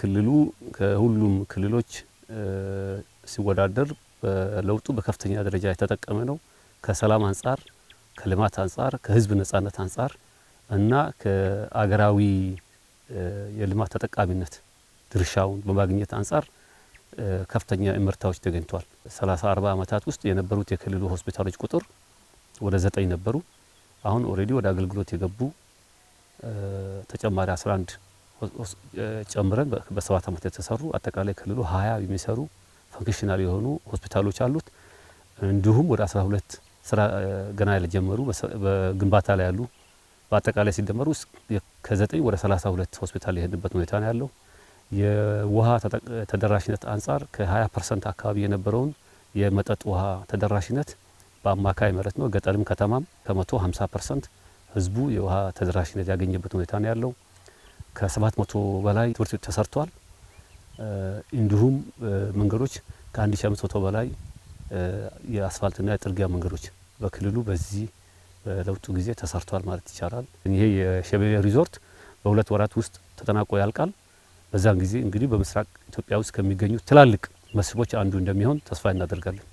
ክልሉ ከሁሉም ክልሎች ሲወዳደር በለውጡ በከፍተኛ ደረጃ የተጠቀመ ነው። ከሰላም አንጻር፣ ከልማት አንጻር፣ ከህዝብ ነጻነት አንጻር እና ከአገራዊ የልማት ተጠቃሚነት ድርሻውን በማግኘት አንጻር ከፍተኛ እምርታዎች ተገኝተዋል። 34 ዓመታት ውስጥ የነበሩት የክልሉ ሆስፒታሎች ቁጥር ወደ ዘጠኝ ነበሩ። አሁን ኦልሬዲ ወደ አገልግሎት የገቡ ተጨማሪ 11 ጨምረን በሰባት ዓመት የተሰሩ አጠቃላይ ክልሉ ሀያ የሚሰሩ ፈንክሽናል የሆኑ ሆስፒታሎች አሉት። እንዲሁም ወደ አስራ ሁለት ስራ ገና ያልጀመሩ በግንባታ ላይ ያሉ በአጠቃላይ ሲደመሩ ከዘጠኝ ወደ ሰላሳ ሁለት ሆስፒታል የሄድንበት ሁኔታ ነው ያለው። የውሃ ተደራሽነት አንጻር ከ20 ፐርሰንት አካባቢ የነበረውን የመጠጥ ውሃ ተደራሽነት በአማካይ ማለት ነው ገጠርም ከተማም ከመቶ 50 ፐርሰንት ህዝቡ የውሃ ተደራሽነት ያገኘበት ሁኔታ ነው ያለው። ከሰባት መቶ በላይ ትምህርት ቤት ተሰርተዋል። እንዲሁም መንገዶች ከአንድ ሺ አምስት መቶ በላይ የአስፋልትና የጥርጊያ መንገዶች በክልሉ በዚህ በለውጡ ጊዜ ተሰርቷል ማለት ይቻላል። ይሄ የሸቤ ሪዞርት በሁለት ወራት ውስጥ ተጠናቆ ያልቃል። በዛን ጊዜ እንግዲህ በምስራቅ ኢትዮጵያ ውስጥ ከሚገኙ ትላልቅ መስህቦች አንዱ እንደሚሆን ተስፋ እናደርጋለን።